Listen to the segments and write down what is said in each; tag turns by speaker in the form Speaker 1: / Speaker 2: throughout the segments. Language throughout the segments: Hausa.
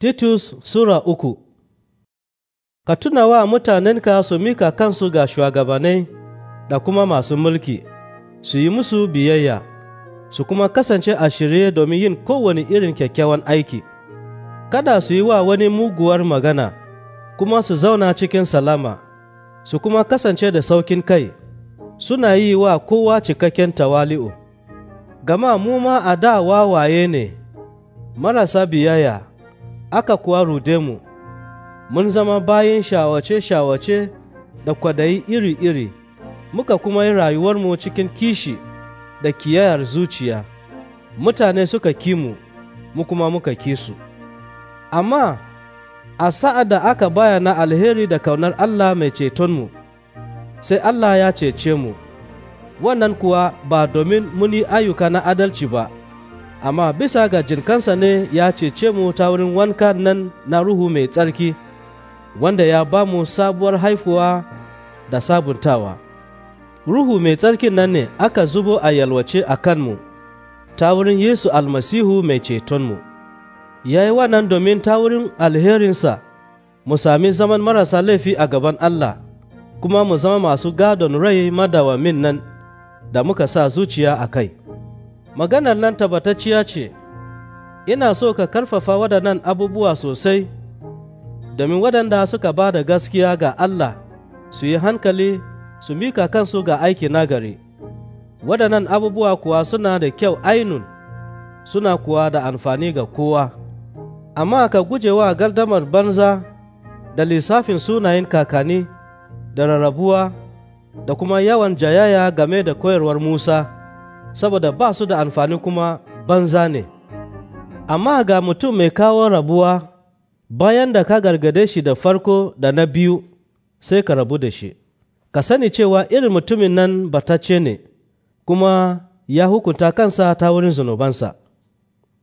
Speaker 1: Titus Sura uku Ka tuna wa mutanenka su mika kansu ga shugabanai da kuma masu mulki, su yi musu biyayya, su kuma kasance a shirye domin yin kowane irin kyakkyawan aiki. Kada su yi wa wani muguwar magana, kuma su zauna cikin salama, su kuma kasance da saukin kai, suna yi wa kowa cikakken tawali'u. Gama mu ma a da wawaye ne, marasa biyayya. aka kuwa rude mu, mun zama bayan shawace-shawace da kwadayi iri-iri, muka kuma yi rayuwarmu cikin kishi da kiyayar zuciya, mutane suka kimu, mu kuma muka kisu. Amma a sa'ad da aka bayana alheri da kaunar Allah mai cetonmu, sai Allah ya cece mu, wannan kuwa ba domin muni ayyuka na adalci ba. amma bisa ga jinkansa ne ya cece mu ta wurin wanka nan na ruhu mai tsarki, wanda ya ba mu sabuwar haifuwa da sabuntawa. Ruhu mai tsarkin nan ne aka zubo a yalwace a kanmu, ta wurin Yesu almasihu mai cetonmu. Ya yi wannan domin ta wurin alherinsa, mu sami zaman marasa laifi a gaban Allah, kuma mu zama masu gadon rai madawamin nan da muka sa zuciya a kai. maganar nan tabbatacciya ce, ina so ka karfafa waɗannan abubuwa sosai, domin waɗanda suka ba da gaskiya ga Allah su yi hankali su mika kansu ga aiki nagari. Waɗannan abubuwa kuwa suna da kyau ainun, suna kuwa da amfani ga kowa, amma ka guje wa galdamar banza da lissafin sunayen kakani da rarrabuwa da kuma yawan jayaya game da koyarwar Musa. saboda ba su da amfani kuma banza ne amma ga mutum mai kawo rabuwa bayan da ka gargade shi da farko da na biyu sai ka rabu da shi ka sani cewa irin mutumin nan ce ne kuma ya hukunta kansa ta wurin zunubansa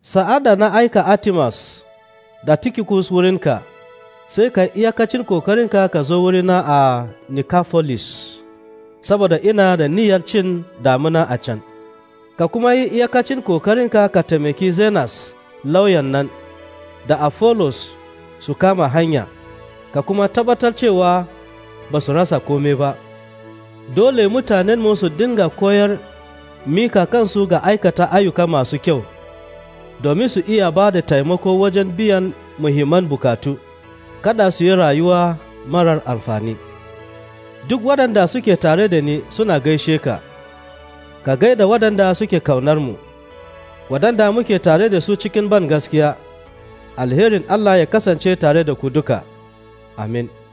Speaker 1: sa'ada na aika atimas da tikikus wurinka sai ka iyakacin kokarinka ka zo wurina a nikafolis saboda ina da niyyar cin damuna a can ka kuma yi iyakacin ƙoƙarinka ka taimaki zenas lauyan nan da apollos su kama hanya ka kuma tabbatar cewa ba su rasa kome ba dole mutanenmu su dinga koyar mika kansu ga aikata ayyuka masu kyau domin su iya ba da taimako wajen biyan muhimman bukatu kada su yi rayuwa marar amfani duk waɗanda suke tare da ni suna gaishe ka ka da waɗanda suke kaunarmu mu, waɗanda muke tare da su cikin ban gaskiya, alherin Allah ya kasance tare da ku duka. Amin.